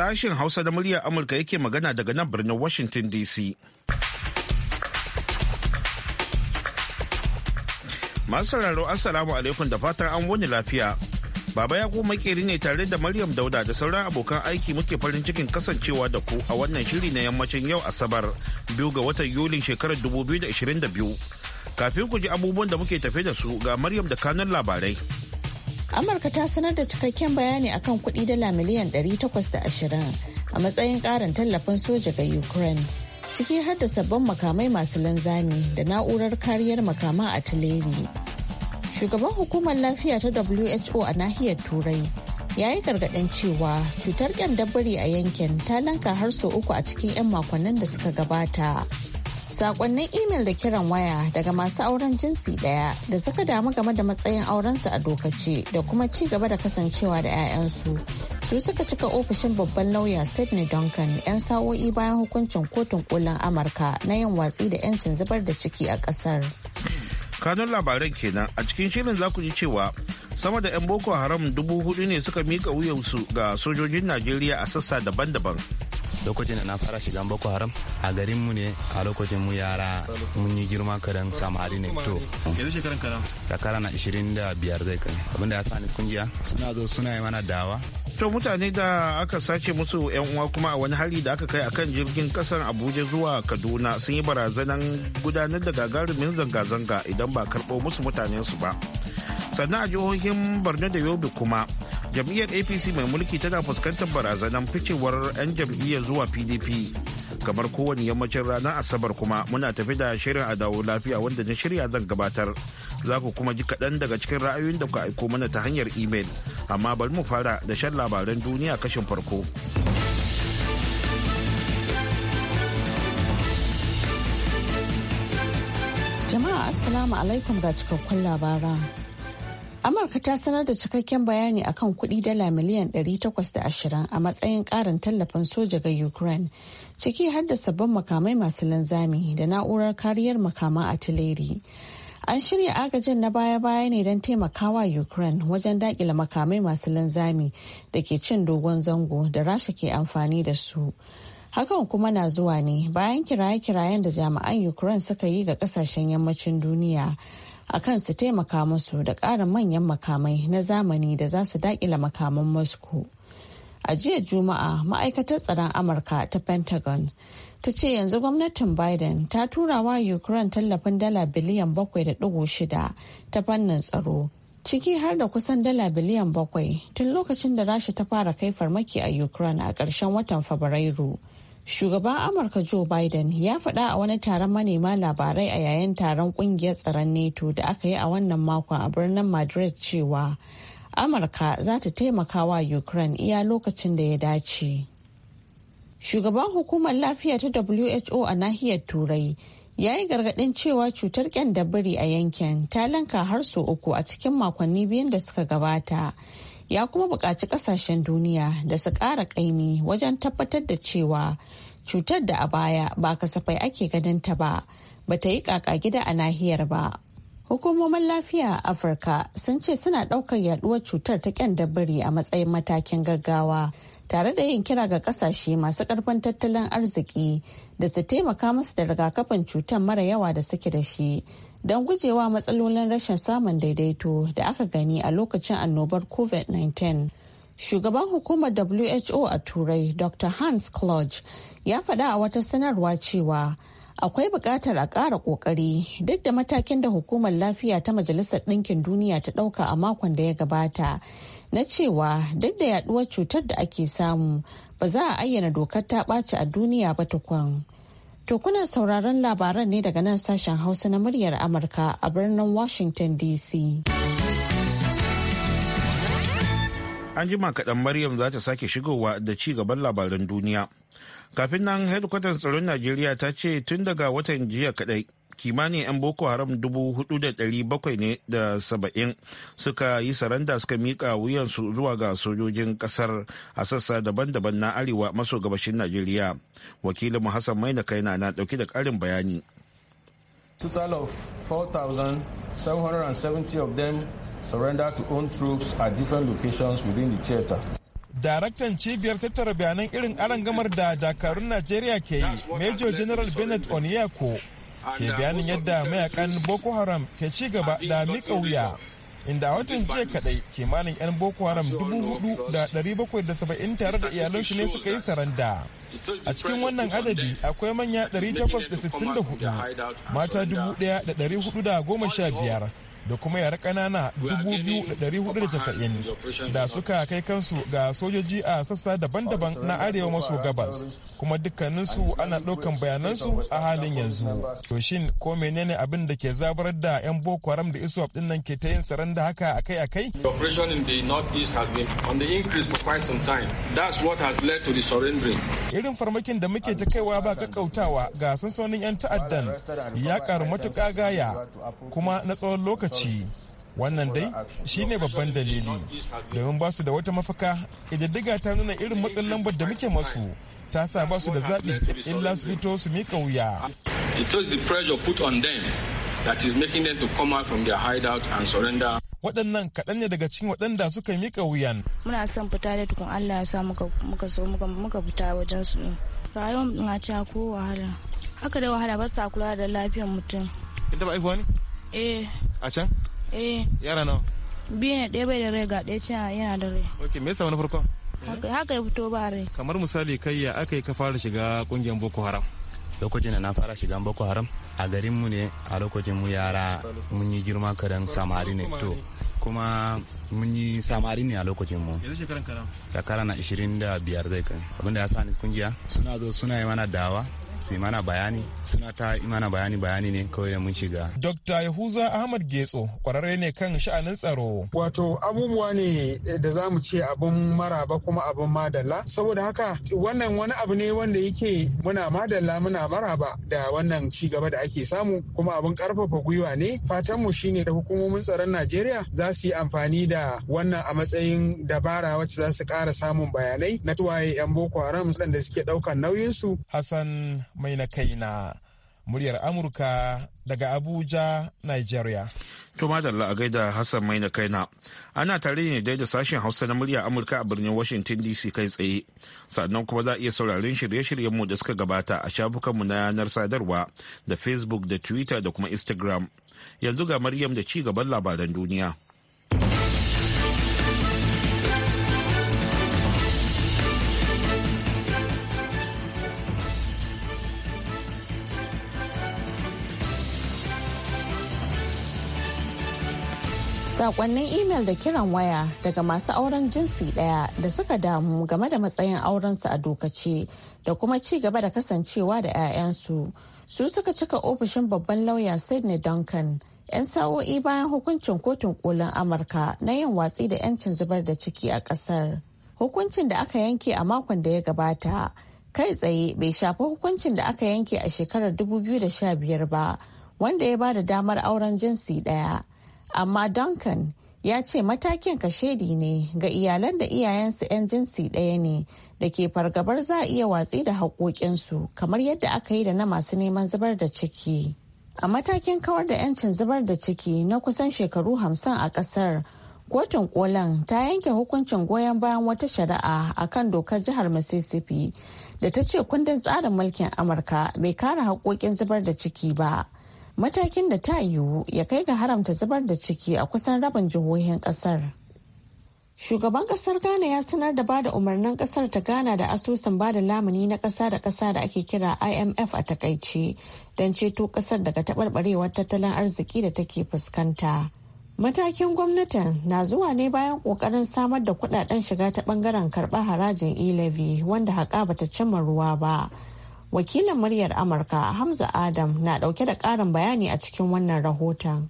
Sashen Hausa da muryar Amurka yake magana daga nan birnin Washington DC. Masu sauraro Assalamu alaikum da fatan an wani lafiya. Baba ya kuma makeri ne tare da Maryam Dauda da sauran abokan aiki muke farin cikin kasancewa da ku a wannan shiri na yammacin yau Asabar biyu ga watan Yulin shekarar 2022. Kafin ku ji abubuwan da muke tafe da su ga Maryam da kanun labarai. amurka ta sanar da cikakken bayani akan kuɗi dala miliyan 820 a matsayin ƙarin tallafin soja ga ukraine ciki har da sabbin makamai masu linzami da na'urar kariyar a tileri. shugaban hukumar lafiya ta who a nahiyar turai ya yi gargaɗin cewa cutar ƙyan dabbari a yankin ta lanka har sau uku a cikin 'yan makonnin da suka gabata sakonnin imel da kiran waya daga masu auren jinsi daya da suka damu game da matsayin aurensu a dokace da kuma ci gaba da kasancewa da 'ya'yansu su suka cika ofishin babban lauya sydney duncan 'yan sa'o'i bayan hukuncin kotun kolin amurka na yin watsi da 'yancin zubar da ciki a kasar kanun labaran kenan a cikin shirin za ku ji cewa sama da 'yan boko haram dubu hudu ne suka mika wuyansu ga sojojin najeriya a sassa daban-daban lokacin da na fara shiga boko haram a garin mu ne a lokacin mu yara mun yi girma karan samari ne to yanzu shekaran karam shekara na 25 zai kai abinda ya sani kungiya suna zo suna yi mana dawa to mutane da aka sace musu yan uwa kuma a wani hali da aka kai akan jirgin kasar abuja zuwa kaduna sun yi barazanan gudanar da gagarumin zanga-zanga idan ba karɓo musu su ba sannan a jihohin borno da yobe kuma jam'iyyar apc mai mulki tana fuskantar barazanar ficewar 'yan jam'iyyar zuwa pdp kamar kowane yammacin ranar asabar kuma muna tafi da shirin a dawo lafiya wanda na shirya zan gabatar za ku kuma ji kaɗan daga cikin ra'ayoyin da kuka aiko mana ta hanyar imel amma bari mu fara da shan labaran duniya kashin farko jama'a assalamu alaikum ga cikakkun labaran Amurka ta sanar da cikakken bayani akan kuɗi dala miliyan 820 a matsayin ƙarin tallafin soja ga Ukraine, ciki har da sabbin makamai masu linzami da na'urar kariyar a tileri An shirya agajin na baya-baya ne don taimakawa Ukraine wajen daƙile makamai masu linzami da ke cin dogon zango da Rasha ke amfani da su. Hakan kuma na zuwa ne bayan kiraye-kirayen da jami'an Ukraine suka yi ga ƙasashen yammacin duniya. a kan su taimaka musu da ƙarin manyan makamai na zamani da za su daƙila makaman moscow a jiya juma'a ma'aikatar tsaron amurka ta pentagon ta ce yanzu gwamnatin biden ta tura wa ukraine tallafin dala biliyan bakwai da shida ta fannin tsaro ciki har da kusan dala biliyan bakwai tun lokacin da rasha ta fara kai farmaki a ukraine a ƙarshen watan fabrairu shugaban amurka joe biden ya faɗa a wani taron manema labarai a yayin taron ƙungiyar tsaron nato da aka yi a wannan makon a birnin madrid cewa amurka za ta taimaka wa ukraine iya lokacin da ya dace shugaban hukumar lafiya ta who a nahiyar turai ya yi gargaɗin cewa cutar biri a yankin ta lanka har sau uku a cikin makonni biyun da suka gabata ya kuma buƙaci ƙasashen duniya da su ƙara ƙaimi wajen tabbatar da cewa cutar da a baya ba kasafai ake ganin ta ba ba ta yi ƙaƙa gida a nahiyar ba. Hukumomin lafiya a Afirka sun ce suna ɗaukar yaɗuwar cutar ta ƙyan dabiri a matsayin matakin gaggawa tare da yin kira ga ƙasashe masu ƙarfin tattalin arziki da su taimaka musu da rigakafin cutar mara yawa da suke da shi don gujewa matsalolin rashin samun daidaito da aka gani a lokacin annobar covid-19 shugaban hukumar who a turai dr hans kluge ya faɗa a wata sanarwa cewa akwai buƙatar a ƙara ƙoƙari duk da matakin da hukumar lafiya ta majalisar ɗinkin duniya ta ɗauka a makon da ya gabata na cewa duk da yaɗuwar cutar da ake samu ba za a ayyana dokar ta ɓaci a duniya ba tukun. To kuna sauraron labaran ne daga nan sashen Hausa na muryar Amurka a birnin Washington DC. An jima kaɗan Maryam za ta sake shigowa da ci gaban labaran duniya. Kafin nan hedkwatar tsaron Najeriya ta ce tun daga watan jiya kaɗai kimanin 'yan boko haram 4,770 suka yi saranda suka mika wuyansu zuwa ga sojojin kasar a sassa daban-daban na arewa maso gabashin najeriya wakilin hassan na kaina na dauki da karin bayani total of 4,770 of them surrender to own troops at different locations within the theater. Daraktan cibiyar tattara bayanan irin arangamar da dakarun Najeriya ke yi, Major General Bennett oniyako ke bayanin yadda mayakan boko haram ke ci gaba da mika wuya inda a watan jiya kadai kimanin 'yan boko haram 4,770 tare da iyalansu ne suka yi saranda a cikin wannan adadi akwai manya 864 mata 1,415 da kuma yara kanana 2,490 da suka kai kansu ga sojoji a sassa daban-daban na arewa maso gabas kuma dukkaninsu ana ɗaukan bayanansu a halin yanzu. To shin ko menene abin da ke zabar da 'yan Boko Haram da iso ɗin nan ke ta yin da haka akai-akai? Operation in Irin farmakin da muke ta kaiwa ba kakkautawa ga sansanin 'yan ta'addan ya karu matuƙa gaya kuma na tsawon lokaci ci wannan dai shine babban dalili domin ba su da wata mafaka ƙididdiga ta nuna irin matsin lambar da muke masu ta sa ba su da zaɓi illa su fito su mika wuya waɗannan kaɗan ne daga cikin waɗanda suka mika wuyan muna son fita da tukun allah ya sa muka so muka fita wajen su rayuwar na ko wahala haka da wahala ba sa kula da lafiyar mutum ita ba ne eh a can eh yara nawa biyu ne ɗaya bai da rai ga ɗaya can yana da rai ok me yasa wani farko haka ya fito ba rai kamar misali kai ya aka yi ka fara shiga kungiyar boko haram lokacin da na fara shiga boko haram a garin mu ne a lokacin mu yara mun yi girma karen samari ne to kuma mun yi samari ne a lokacin mu shekara na 25 zai kai abinda ya sa ni kungiya suna zo suna yi mana dawa su mana bayani suna ta imana bayani bayani ne kawai da mun shiga. Dr. Yahuza Ahmad Getso kwararre ne kan sha'anin tsaro. Wato abubuwa ne da za mu ce abin maraba kuma abun madalla saboda haka wannan wani abu ne wanda yake muna madalla muna maraba da wannan ci gaba da ake samu kuma abin karfafa gwiwa ne fatan mu shine da hukumomin tsaron Najeriya za su yi amfani da wannan a matsayin dabara wacce za su ƙara samun bayanai na tuwaye 'yan Boko Haram da suke ɗaukar nauyinsu. Hassan mai na kaina muryar Amurka daga Abuja, Nigeria. To madalla a gaida Hassan mai na kaina. Ana tare ne da sashen Hausa na muryar Amurka a birnin Washington DC kai tsaye. Sannan kuma za a iya sauraron shirye-shiryen mu da suka gabata a shafukanmu na yanar sadarwa da Facebook da Twitter da kuma Instagram. Yanzu ga Maryam da ci gaban labaran duniya. sakonnin imel da kiran waya daga masu auren jinsi daya da suka damu game da matsayin aurensu a dokace da kuma ci gaba da kasancewa da 'ya'yansu su suka cika ofishin babban lauya sydney duncan 'yan sa'o'i bayan hukuncin kotun kolin amurka na yin watsi da 'yancin zubar da ciki a kasar hukuncin da aka yanke a makon da ya gabata kai tsaye bai shafi hukuncin da aka yanke a shekarar 2015 ba wanda ya ba da damar auren jinsi daya amma duncan ya ce matakin kashedi ne ga iyalan da iyayensu 'yan jinsi ɗaya ne da ke fargabar za a iya watsi da haƙoƙinsu kamar yadda aka yi da na masu neman zubar da ciki a matakin kawar da 'yancin zubar da ciki na kusan shekaru hamsin a ƙasar kotun kolan ta yanke hukuncin goyon bayan wata shari'a a kan dokar jihar mississippi da ta ce kundin tsarin mulkin amurka bai kare haƙoƙin zubar da ciki ba matakin da ta yiwu ya kai ga haramta zubar da ciki a kusan rabin jihohin kasar. Shugaban kasar Ghana ya sanar da bada umarnin kasar ta Ghana da asusun bada lamuni na kasa da kasa da ake kira IMF a takaice don ceto kasar daga taɓarɓarewar tattalin arziki da take fuskanta. Matakin gwamnatin na zuwa ne bayan ƙoƙarin samar da kuɗaɗen shiga ta ɓangaren karɓar harajin e-levy wanda haƙa bata cimma ruwa ba. wakilin muryar amurka hamza adam na dauke da karin bayani a cikin wannan rahoton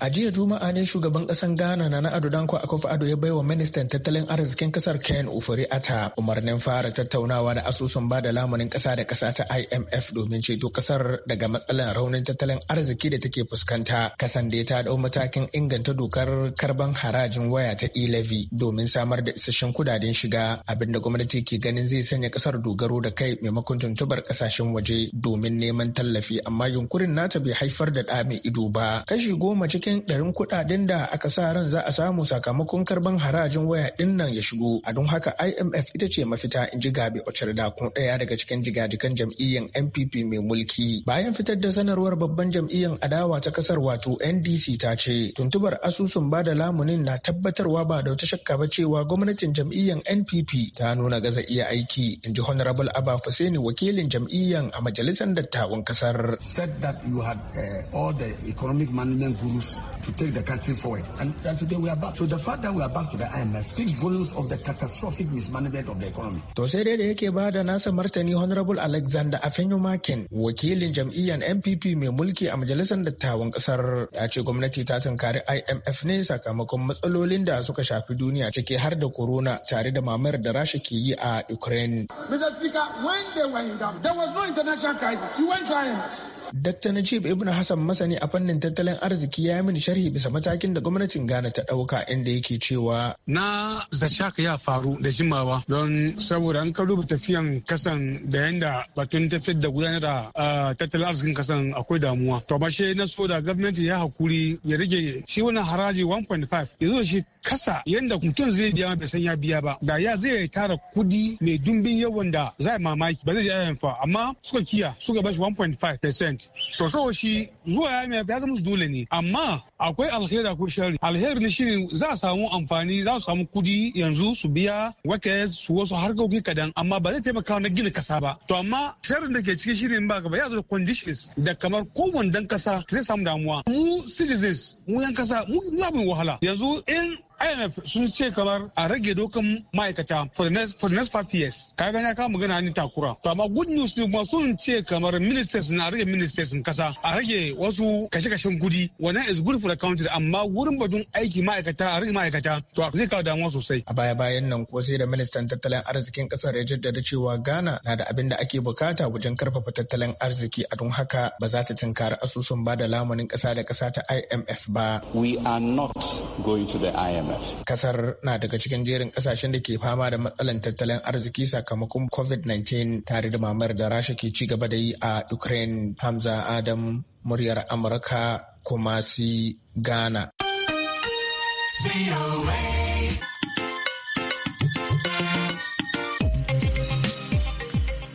A jiya Juma'a ne shugaban ƙasar Ghana na Ado Danko Akufo Ado ya baiwa ministan tattalin arzikin ƙasar Ken Ufuri Ata umarnin fara tattaunawa da asusun ba da lamunin ƙasa da ƙasa ta IMF domin ceto ƙasar daga matsalar raunin tattalin arziki da take fuskanta. Kasan da ta dau matakin inganta dokar karban harajin waya ta Ilavi, levy domin samar da isasshen kudaden shiga Abin da gwamnati ke ganin zai sanya ƙasar dogaro da kai maimakon tuntubar ƙasashen waje domin neman tallafi amma yunkurin nata bai haifar da ɗa mai ido ba. Kashi goma cikin ɗarin kuɗaɗen da aka sa ran za a samu sakamakon karban harajin waya ɗin nan ya shigo. A don haka IMF ita ce mafita in ji Gabi Ocharda kun ɗaya daga cikin jigajikan jam'iyyar NPP mai mulki. Bayan fitar da sanarwar babban jam'iyyar adawa ta kasar wato NDC ta ce tuntubar asusun ba da lamunin na tabbatarwa ba da wata shakka ba cewa gwamnatin jam'iyyar NPP ta nuna gaza iya aiki in ji Honorable Abba Faseni wakilin jam'iyyar a majalisar dattawan kasar. Said that you had uh, all the economic management gurus to take the country forward. And, and, today we are back. So the fact that we are back to the IMF speaks volumes of the catastrophic mismanagement of the economy. To sai dai da yake ba da nasa martani Honorable Alexander Afenyo Makin, wakilin jam'iyyar MPP mai mulki a majalisar dattawan kasar ya ce gwamnati ta tunkari IMF ne sakamakon matsalolin da suka shafi duniya ciki har da corona tare da mamayar da Rasha ke yi a Ukraine. Mr. Speaker, when they were in doubt, there was no international crisis. You went to IMF. dakta Najib Ibn Hassan masani a fannin tattalin arziki ya yi mini sharhi bisa matakin da gwamnatin Ghana ta ɗauka inda yake cewa. Na zashaka ya faru da jimawa don saboda an ka duba tafiyan kasan da yanda batun tafiyar da gudanar da tattalin arzikin kasan akwai damuwa. To ba shi na soda da gwamnati ya hakuri ya rage shi wannan haraji 1.5 ya zo shi kasa yanda mutum zai biya bai san ya biya ba da ya zai tara kudi mai dumbin yawan da zai mamaki ba zai ji amma suka kiya suka bashi 1.5 percent aiki to so shi zuwa mai ya zama dole ne amma akwai alheri ko shari alheri ne shi za a samu amfani za su samu kudi yanzu su biya wake su wasu gauki kadan amma ba zai taimaka na gina kasa ba to amma sharin da ke cikin shirin ba ba ya zo conditions da kamar kowane dan kasa zai samu damuwa mu citizens mu yan kasa mu za mu wahala yanzu in IMF sun ce kamar a rage dokan ma'aikata for the next five years. Ka gani ka magana ni takura. To amma good news ne kuma sun ce kamar ministers na rage ministers kasa a rage wasu kashe-kashen gudi wannan is good for the country amma wurin batun aiki ma'aikata a rage ma'aikata to a zai kawo damuwa sosai. A baya-bayan nan ko sai da ministan tattalin arzikin kasar ya jaddada cewa Ghana na da abin da ake bukata wajen karfafa tattalin arziki a don haka ba za ta tunkari asusun ba da lamunin kasa da kasa ta IMF ba. We are not going to the IMF. Kasar na daga cikin jerin kasashen da ke fama da matsalan tattalin arziki sakamakon COVID-19 tare da mamayar da Rasha ke ci gaba da yi a Ukraine. Hamza Adam muryar Amurka kuma si Ghana.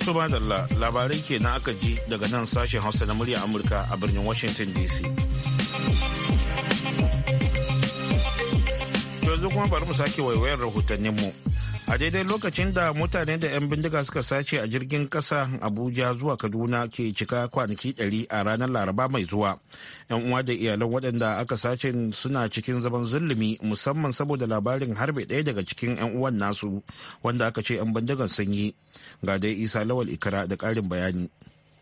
Subhanallah labarai kenan aka ji daga nan sashen Hausa na murya Amurka a birnin Washington DC. yanzu kuma bari mu sake waiwayar mu A daidai lokacin da mutane da 'yan bindiga suka sace a jirgin kasa Abuja zuwa Kaduna ke cika kwanaki 100 a ranar Laraba mai zuwa. 'Yan uwa da iyalan waɗanda aka sace suna cikin zaman zulumi musamman saboda labarin harbe ɗaya daga cikin 'yan uwan nasu wanda aka ce 'yan bindigan sun yi. Ga dai Isa Lawal ikira da ƙarin bayani.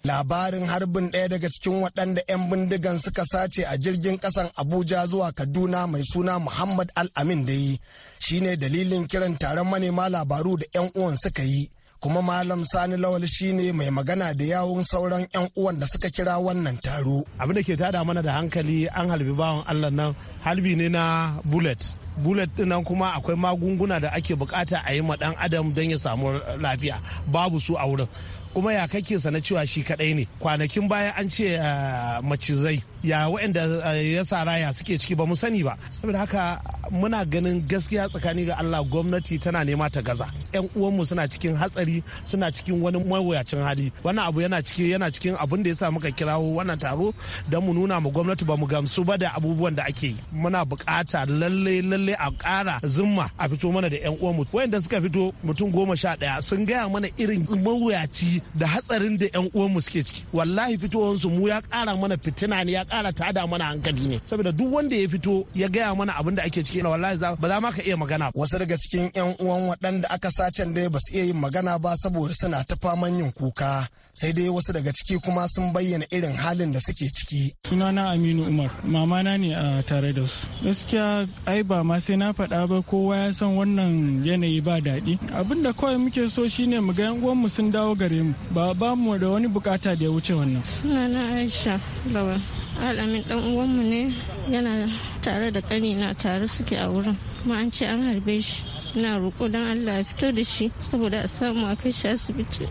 labarin harbin ɗaya daga cikin waɗanda 'yan bindigan suka sace a jirgin ƙasan abuja zuwa kaduna mai suna muhammad al-amin da yi shine dalilin kiran taron manema labaru da 'yan uwan suka yi kuma malam sani lawal shine mai magana da yawun sauran 'yan uwan da suka kira wannan taro abin da ke tada mana da hankali an halbi bawan allah nan halbi ne na bullet bullet dinnan kuma akwai magunguna da ake bukata a yi ma dan adam don ya samu lafiya babu su a wurin kuma ya kake na cewa shi kadai ne kwanakin baya an ce eh, macizai ya waɗanda eh, ya sa raya suke ciki ba mu sani ba saboda haka muna ganin gaskiya tsakani ga Allah gwamnati tana nema ta gaza yan uwanmu suna cikin hatsari suna cikin wani mawuyacin hali wannan abu yana ciki yana cikin abin da ya sa muka kirawo wannan taro don mu nuna mu gwamnati ba mu gamsu ba da abubuwan da ake yi muna bukata lalle lalle a ƙara zumma a fito mana da yan uwanmu wayanda suka fito mutum goma sha ɗaya sun gaya mana irin mawuyaci da hatsarin da yan uwanmu suke ciki wallahi fitowansu mu ya ƙara mana fitina ne ya kara tada mana hankali ne saboda duk wanda ya fito ya gaya mana abin da ake ciki wallahi ba za ma ka iya magana wasu daga cikin yan uwan waɗanda aka sacen dai ba su iya yin magana ba saboda suna ta faman yin kuka sai dai wasu daga ciki kuma sun bayyana irin halin da suke ciki sunana aminu umar mamana ne a tare da su gaskiya ai ba ma sai na faɗa ba kowa ya san wannan yanayi ba daɗi abin da kawai muke so shine mu ga yan uwanmu sun dawo gare mu ba ba mu da wani bukata da ya wuce wannan sunana aisha alamin dan uwanmu ne yana tare da kani na tare suke a wurin kuma an ce an harbe shi na roƙo don allah ya fito da shi saboda a samu a kai shi asibiti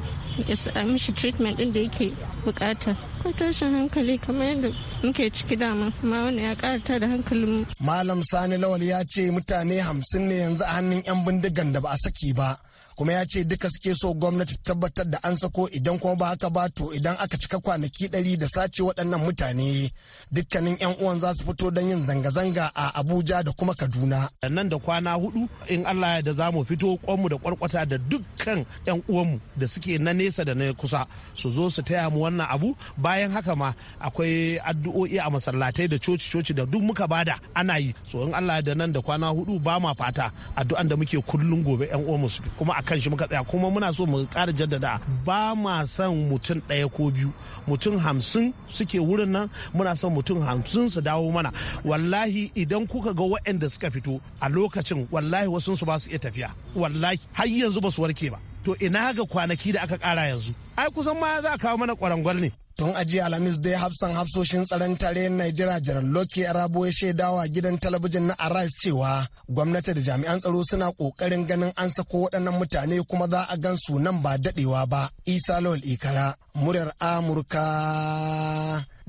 ya sa mishi treatment din da yake bukata ko tashin hankali kamar yadda muke ciki dama amma wani ya karata da hankalin malam sani lawal ya ce mutane hamsin ne yanzu a hannun yan bindigan da ba a saki ba kuma ya ce duka suke so gwamnati tabbatar da an sako idan kuma ba haka ba to idan aka cika kwanaki ɗari da sace waɗannan mutane dukkanin 'yan uwan za su fito don yin zanga-zanga a abuja da kuma kaduna nan da kwana hudu in allah ya da za mu fito kwanmu da kwarkwata da dukkan 'yan uwanmu da suke na nesa da na kusa su zo su taya mu wannan abu bayan haka ma akwai addu'o'i a masallatai da coci-coci da duk muka bada ana yi so in allah ya da nan da kwana hudu ba ma fata addu'an da muke kullum gobe 'yan uwanmu kuma a kan shi muka tsaya kuma muna so mu ƙara jaddada ba ma son mutum ɗaya ko biyu mutum hamsin suke wurin nan muna son mutum hamsin su dawo mana wallahi idan kuka ga waɗanda suka fito a lokacin wallahi wasu su ba su iya tafiya wallahi har yanzu ba su warke ba to ina ga kwanaki da aka ƙara yanzu ai kusan ma za a kawo mana kwarangwal ne tun ajiye alhamis dai hafsan hafsoshin tsaron tarayyar najeriya jiran loki arabo ya shaidawa gidan talabijin na arise cewa gwamnati da jami'an tsaro suna kokarin ganin an sako waɗannan mutane kuma za a gan su nan ba daɗewa ba isa lawal ikara muryar amurka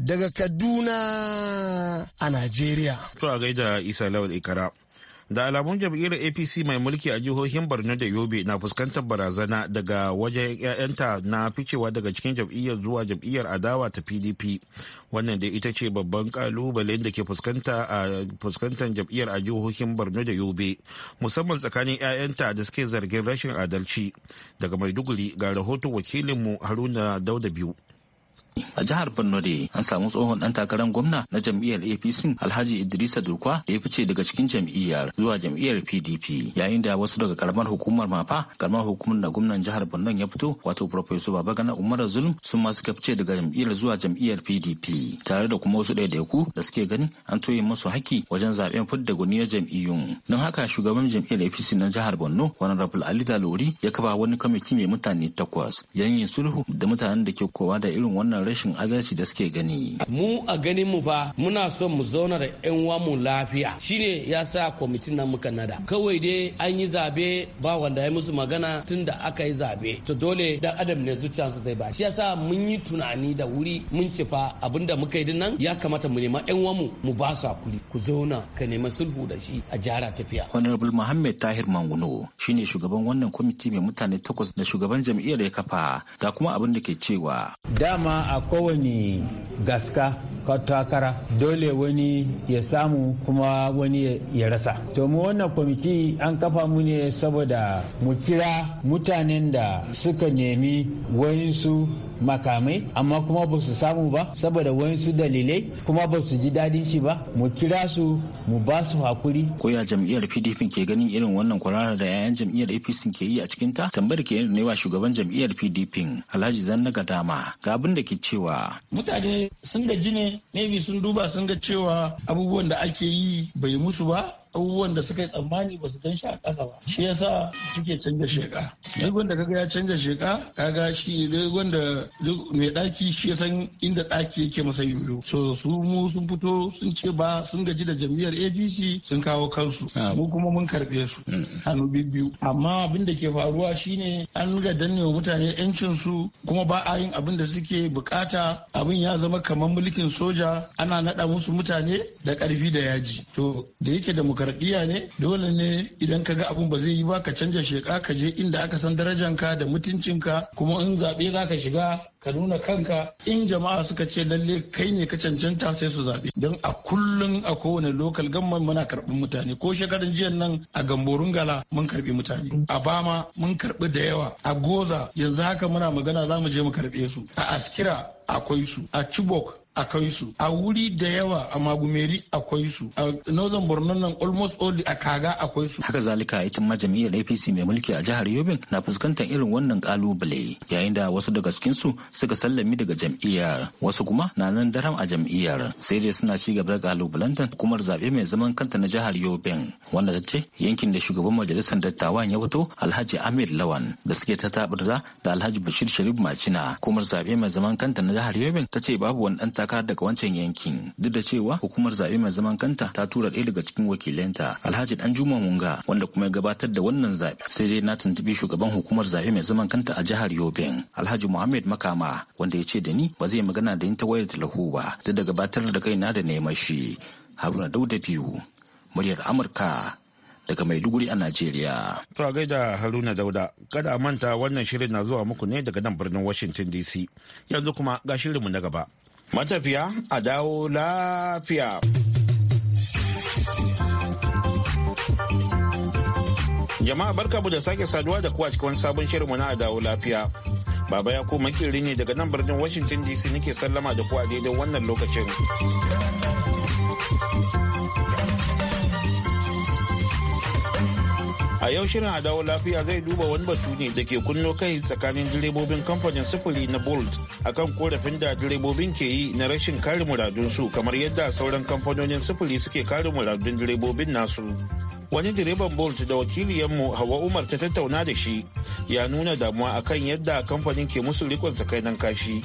daga kaduna a najeriya to a gaida isa lawal ikara da alamun jam'iyyar apc mai mulki a jihohin borno da yobe na fuskantar barazana daga wajen 'ya'yanta na ficewa daga cikin jam'iyyar zuwa jam'iyyar adawa ta pdp wannan da ita ce babban kalubalen da ke fuskanta a fuskantar jam'iyyar a jihohin borno da yobe musamman tsakanin 'ya'yanta da suke zargin rashin adalci daga maiduguri ga rahoton wakilinmu haruna dauda biyu a jihar borno da an samu tsohon dan takarar gwamna na jam'iyyar apc alhaji idrisa durkwa da ya fice daga cikin jam'iyyar zuwa jam'iyyar pdp yayin da wasu daga karamar hukumar mafa karamar hukumar na gwamnan jihar borno ya fito wato professor babagana umar zulum sun ma suka fice daga jam'iyyar zuwa jam'iyyar pdp tare da kuma wasu ɗaiɗaiku da suke gani an toye musu haki wajen zaben fidda guniyar jam'iyyun don haka shugaban jam'iyyar apc na jihar borno Rabul ali dalori ya kaba wani kwamiti mai mutane takwas yayin sulhu da mutanen da ke kowa da irin wannan rashin adalci da suke gani. Mu a ganin mu fa muna son mu zauna da 'yan mu lafiya shine ya sa kwamitin nan muka nada. Kawai dai an yi zabe ba wanda ya musu magana tun da aka yi zabe. To dole dan adam ne zuciyarsu zai ba. Shi ya mun yi tunani da wuri mun ce fa abinda muka yi nan ya kamata mu nema 'yan mu. mu ba su hakuri ku zauna ka nema sulhu da shi a jara tafiya. Honorable Muhammad Tahir Manguno shine shugaban wannan kwamiti mai mutane takwas da shugaban jam'iyyar ya kafa ga kuma abin da ke cewa. Dama a kowane gaska takara dole wani ya samu kuma wani ya rasa. To mu wannan kwamiti an kafa mu ne saboda mu kira mutanen da suka nemi wayansu makamai amma kuma ba su samu ba saboda wasu dalilai kuma ba su ji dadin shi ba mu kira su mu ba su hakuri ko ya jam'iyyar PDP ke ganin irin wannan kwararar da 'ya'yan jam'iyyar APC ke yi a cikin ta tambayar ke ne wa shugaban jam'iyyar PDP Alhaji Zannaga Dama ga abin da ke cewa mutane sun gaji ne maybe sun duba sun ga cewa abubuwan da ake yi bai musu ba abubuwan da suka yi tsammani ba su gan shi a ƙasa ba shi yasa suke canja sheka duk wanda kaga ya canja sheka kaga shi duk wanda mai daki shi san inda daki yake masa yoyo so su mu sun fito sun ce ba sun gaji da jam'iyyar apc sun kawo kansu ah. mu kuma mun karɓe su mm. hannu biyu amma abin da ke faruwa shine an ga danne mutane yancin su kuma ba a yin abin da suke bukata abin ya zama kamar mulkin soja ana naɗa musu mutane da karfi da yaji to da yake da karbiya ne dole ne idan ka ga abun ba zai yi ba ka canja sheka ka je inda aka san darajanka da mutuncinka kuma in zaɓe za ka shiga ka nuna kanka in jama'a suka ce lalle kai ne ka cancanta sai su zaɓe don a kullum a kowane lokal gamman muna karɓar mutane ko shekarun jiyan nan a gamborun gala mun karɓi mutane a bama mun karɓi da yawa a goza yanzu haka muna magana za mu je mu karɓe su a askira akwai su a chibok akwai su a wuri da yawa a magumeri akwai su a northern borno nan almost all a kaga akwai su haka zalika ita ma jam'iyyar apc mai mulki a jihar yobin na fuskantar irin wannan kalubale yayin da wasu daga cikin su suka sallami daga jam'iyyar wasu kuma na nan daram a jam'iyyar sai dai suna ci gaba da kalubalantar hukumar zaɓe mai zaman kanta na jihar yobin wanda ta ce yankin da shugaban majalisar dattawan ya fito alhaji amir lawan da suke ta tabarza da alhaji bashir sharif macina kuma zaɓe mai zaman kanta na jihar yobin ta ce babu wani ɗan saka daga wancan yankin duk da cewa hukumar zaɓe mai zaman kanta ta tura ɗaya daga cikin wakilanta alhaji dan juma munga wanda kuma ya gabatar da wannan zaɓe sai dai na tuntubi shugaban hukumar zaɓe mai zaman kanta a jihar yobin alhaji muhammed makama wanda ya ce da ni ba zai magana da yin ta wayar talahu ba duk da gabatar da kaina da neman shi haruna dauda biyu muryar amurka daga Maiduguri a Najeriya. To a gaida Haruna Dauda, kada a manta wannan shirin na zuwa muku ne daga nan birnin Washington DC. Yanzu kuma ga shirinmu na gaba. matafiya a dawo lafiya. Jama'a barkamu da sake saduwa da kuwa cikin sabon shirin shirinmu na dawo lafiya. Baba ya ku makiri ne daga nan birnin Washington DC nake sallama da kuwa daidai wannan lokacin. a yau shirin a dawo lafiya zai duba wani batu ne da ke kunno kai tsakanin direbobin kamfanin sufuri na bolt akan korafin da direbobin ke yi na rashin kare muradunsu kamar yadda sauran kamfanonin sufuri suke kare muradun direbobin nasu wani direban bolt da wakiliyanmu hawa umar ta tattauna da shi ya nuna damuwa akan yadda kamfanin ke musu rikon tsakanin kashi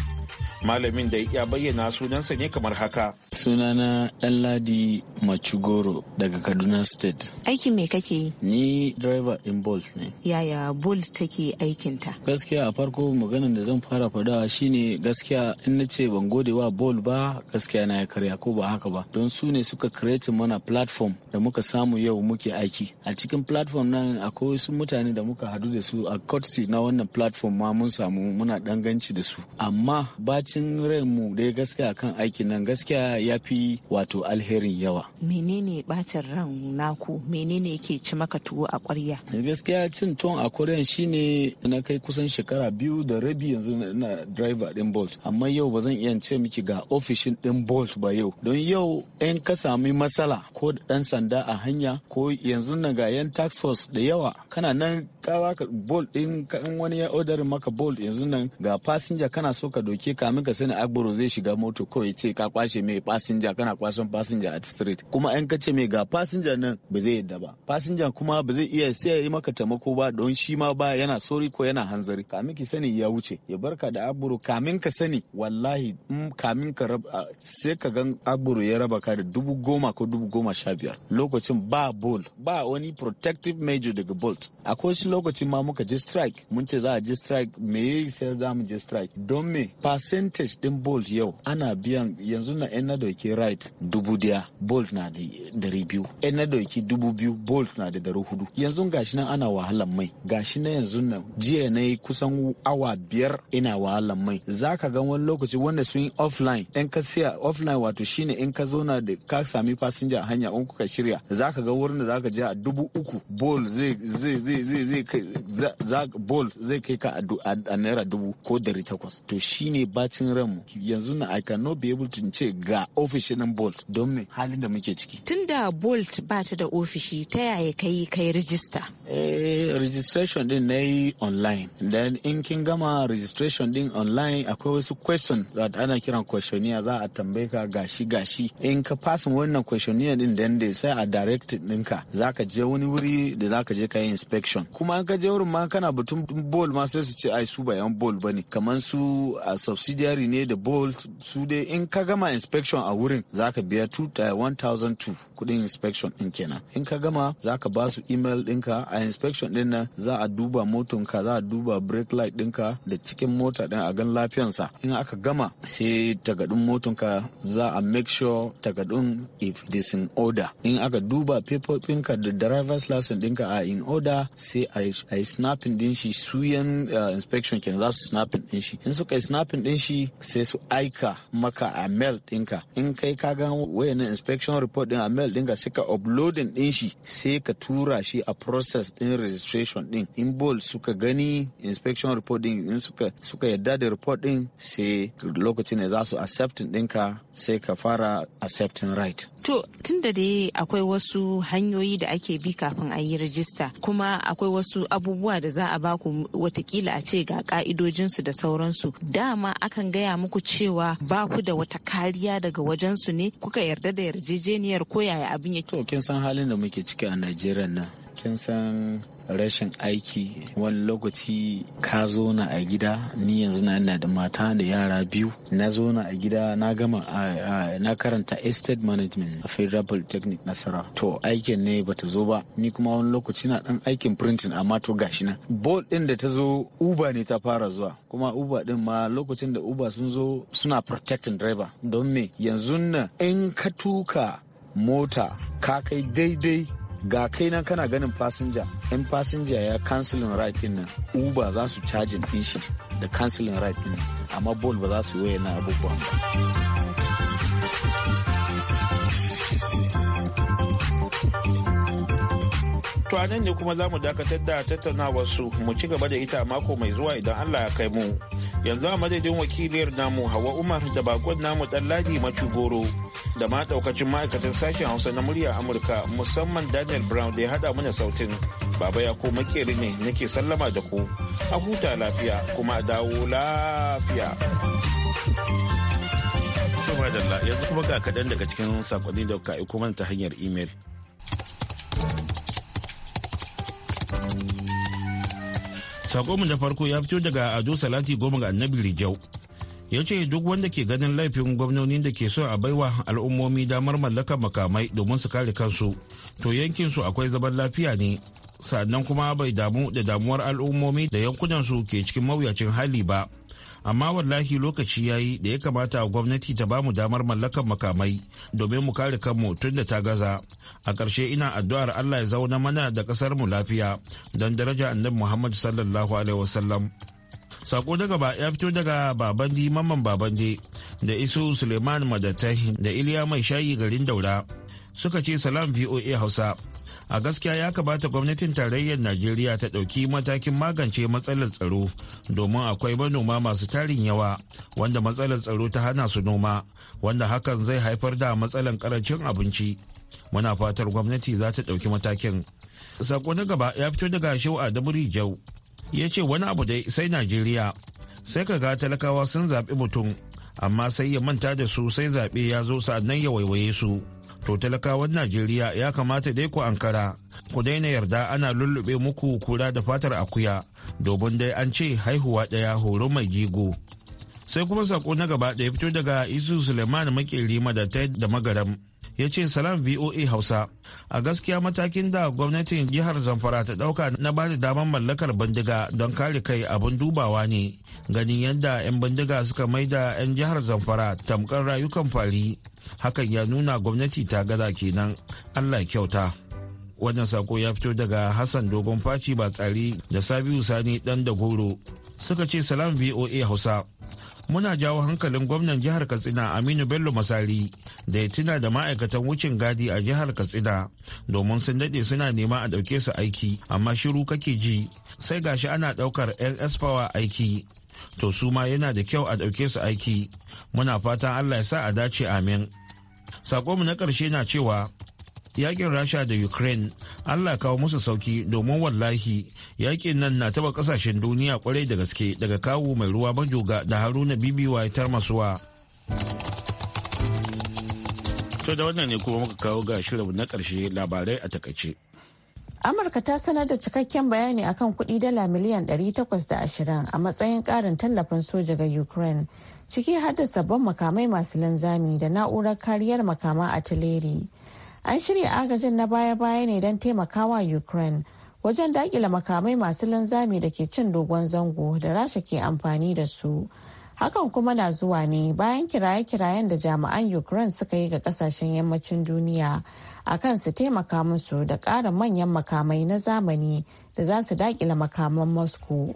malamin da ya bayyana sunansa ne kamar haka. Sunana Ɗanladi Machugoro daga Kaduna State. Aikin me kake yi? Ni driver in Bolt ne. Yaya Bolt take aikinta? Gaskiya a farko maganan da zan fara fadawa shine gaskiya in na ce ban gode wa Bolt ba gaskiya na ya karya ko ba haka ba. Don su ne suka creating mana platform da muka samu yau muke aiki. A cikin platform nan akwai wasu mutane da muka hadu da su a courtesy na wannan platform ma mun samu muna danganci da su. Amma ba bacin ya dai gaskiya kan aikin nan gaskiya ya fi wato alherin yawa. Menene bacin ran naku menene ke ci maka tuwo a ƙwarya? Gaskiya cin tuwon a shi ne na kai kusan shekara biyu da rabi yanzu na driver din Bolt amma yau ba zan iya ce miki ga ofishin din Bolt ba yau don yau yan ka sami matsala ko da ɗan sanda a hanya ko yanzu na ga yan tax force da yawa kana nan kawa ka bol din in wani ya order maka bol yanzu nan ga fasinja kana so ka doke kamin ka sani agboro zai shiga moto ko ya ce ka kwashe mai fasinja kana kwasan fasinja at street kuma an ka ce mai ga fasinja nan ba zai yadda ba passenger kuma ba zai iya sai ya yi maka taimako ba don shi ma ba yana sori ko yana hanzari kamin ki sani ya wuce ya barka da agboro kamin ka sani wallahi in kamin ka raba sai ka gan agboro ya raba ka da dubu goma ko dubu goma sha biyar lokacin ba bol ba wani protective major daga bolt akwai lokacin ma muka je strike mun ce za a je strike me sai za mu je strike don me percentage din bolt yau ana biyan yanzu na yan na dauki right dubu daya bolt na da dari biyu yan na dauki dubu biyu bolt na da dari hudu yanzu gashi nan ana wahalan mai gashi na yanzu nan jiya na yi kusan awa biyar ina wahalan mai za ka ga wani lokaci wanda sun yi offline yan ka siya offline wato shine in ka zauna da ka sami fasinja hanya in kuka shirya za ka ga wurin da za ka je a dubu uku bol zai zai zai zai zai kai za bol zai kai ka a naira dubu ko dari takwas to shine bacin ranmu yanzu na i cannot be able to ce ga ofishin bol don me halin da muke ciki tunda bolt ba ta da ofishi ta yaya kai kai rijista eh registration din na yi online then in kin gama registration din online akwai wasu question that ana kiran questionnaire za a tambaye ka gashi gashi in ka fasa wannan questionnaire din then dai sai a direct ɗinka za ka je wani wuri da za ka je ka yi inspection kuma kuma ka je wurin ma kana batun bol ma sai su ce ai su ba yan bol ne kamar su a subsidiary ne da bol su dai in ka gama inspection a wurin za ka biya 1002 kudin inspection din kenan in ka gama za ka ba su email dinka a inspection din nan za a duba motonka za a duba brake light dinka da cikin mota din a gan lafiyansa in aka gama sai takardun motonka za a make sure takardun if this in order in aka duba paper dinka da driver's license dinka a in order sai a a yi snapping din shi su yan eh, inspection ke za su snapping din shi in suka yi snapping din shi sai su aika maka a mail dinka in kai ka ga wayannan inspection report din a mail dinka sai ka uploading din shi sai ka tura shi a process din registration din in bol suka gani inspection report din in suka suka yadda da report din sai lokacin ne za su accepting dinka sai ka fara accepting right To tun da dai akwai wasu hanyoyi da ake bi kafin a yi rajista kuma akwai wasu abubuwa da za a baku watakila a ce ga ka'idojinsu da sauransu dama akan gaya muku cewa ba ku da wata kariya daga wajensu ne kuka yarda da yarjejeniyar ko yaya abin yake. kin san halin da muke ciki a Najeriya nan kin san rashin aiki wani lokaci ka zo a gida ni yanzu na da mata da yara biyu na zo a gida na gama na karanta estate management a federal polytechnic nasara to aikin ne bata zo ba ni kuma wani lokaci na dan aikin printing amma to gashi na bolt din da ta zo uber ne ta fara zuwa kuma uber din ma lokacin da uber sun zo suna protecting driver don me yanzu nan in ka tuka mota ka kai daidai ga kai nan kana ganin fasinja in fasinja ya cancelin right din nan uber za su cajin din shi da cancelin right din nan amma bol ba za su yi na abubuwan ba To a nan ne kuma za mu dakatar da tattaunawar su mu ci gaba da ita mako mai zuwa idan Allah ya kai mu. Yanzu a madadin wakiliyar namu Hawa Umar da bakon namu Ɗanladi Macugoro. goro. da ma daukacin ma'aikatan sashen hausa na murya amurka musamman daniel brown da ya hada mana sautin baba ya ko makeri ne nake sallama da ku a huta lafiya kuma a dawo lafiya yanzu kuma ga kaɗan daga cikin sakonni da ka aiko mana ta hanyar imel sakonmu da farko ya fito daga ado salati goma ga annabi rijau ya ce duk wanda ke ganin laifin gwamnonin da ke so a baiwa al'ummomi damar mallaka makamai domin su kare kansu to yankinsu akwai zaman lafiya ne sannan kuma bai damu da damuwar al'ummomi da yankunansu ke cikin mawuyacin hali ba amma wallahi lokaci yayi da ya kamata gwamnati ta bamu damar mallakan makamai domin mu kare kanmu tun da ta gaza a ƙarshe ina addu'ar allah ya zauna mana da ƙasar lafiya don daraja annabi muhammad sallallahu alaihi wasallam sako daga ba ya fito daga babandi mamman babandi da isu suleiman madatai da iliya mai shayi garin daura suka ce salam voa hausa a gaskiya ya kamata gwamnatin tarayyar najeriya ta ɗauki matakin magance matsalar tsaro domin akwai manoma masu tarin yawa wanda matsalar tsaro ta hana su noma wanda hakan zai haifar da matsalar karancin abinci muna fatar gwamnati za ta ɗauki matakin sako na gaba ya fito daga shau adamu jau ya ce wani abu dai sai najeriya sai ka ga talakawa sun zaɓi mutum amma sai ya manta da su sai zaɓe ya zo sa'annan ya waiwaye su to talakawan najeriya ya kamata dai ku ankara ku daina yarda ana lullube muku kura da fatar akuya domin dai an ce haihuwa ɗaya horo mai jigo sai kuma sako na gaba da ya fito daga isu suleiman makeri madatai da magaram ya ce salam voa hausa a gaskiya matakin da gwamnatin jihar zamfara ta dauka na bada damar mallakar bindiga don kare kai abin dubawa ne ganin yadda 'yan bindiga suka maida 'yan jihar zamfara tamkar rayukan fari hakan ya nuna gwamnati ta gaza kenan allah kyauta wannan sako ya fito daga hassan dogon faci ba tsari da sabiu sani dan da goro suka ce salam voa hausa muna jawo hankalin gwamnan jihar katsina aminu bello masari da ya tuna da ma'aikatan wucin gadi a jihar katsina domin sun dade suna nema a ɗauke su aiki amma shiru kake ji sai gashi ana ɗaukar yan power aiki to su ma yana da kyau a ɗauke su aiki muna fatan allah ya sa a dace amin sako mu na karshe na cewa yakin rasha da ukraine allah kawo musu sauki domin wallahi yakin nan na taba kasashen duniya kwarai da gaske daga kawo mai ruwa majoga da haruna bibiwa ya tarmasuwa to da wannan ne kuma muka kawo ga shirin na karshe labarai a takaice amurka ta sanar da cikakken bayani akan kudi dala miliyan 820 a matsayin ƙarin tallafin soja ga ukraine ciki har da sabbin makamai masu linzami da na'urar kariyar a tileri an shirya agajin na baya-baya ne don taimakawa ukraine wajen dakila makamai masu linzami da ke cin dogon zango da rasha ke amfani da su hakan kuma na zuwa ne bayan kiraye-kirayen da jami'an ukraine suka yi ga kasashen yammacin duniya a kan su taimaka musu da ƙara manyan makamai na zamani da za su dakila makaman moscow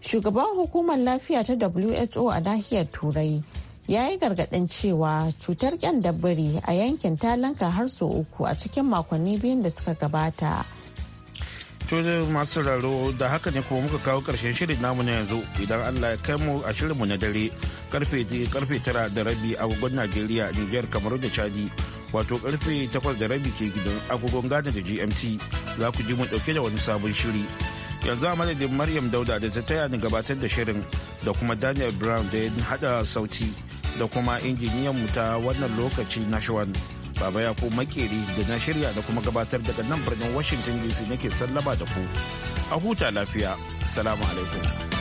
shugaban hukumar lafiya ta who a nahiyar turai ya yi gargaɗin cewa cutar ƙyan dabbari a yankin ta lanka har sau uku a cikin makonni biyun da suka gabata. Tole masu raro da haka ne kuma muka kawo ƙarshen shirin namu na yanzu idan Allah ya kai mu a shirinmu na dare karfe tara da rabi agogon Najeriya, niger kamar da Chadi. Wato karfe takwas da rabi ke gidan agogon Ghana da GMT za ku ji mu ɗauke da wani sabon shiri. yanzu a madadin maryam dauda da ta taya ni gabatar da shirin da kuma daniel brown da ya hada sauti da kuma injiniyan mu ta wannan lokaci na nashwan baba ya ku makeri da na shirya da kuma gabatar daga nan birnin washington dc nake sallaba da ku a huta lafiya salamu alaikum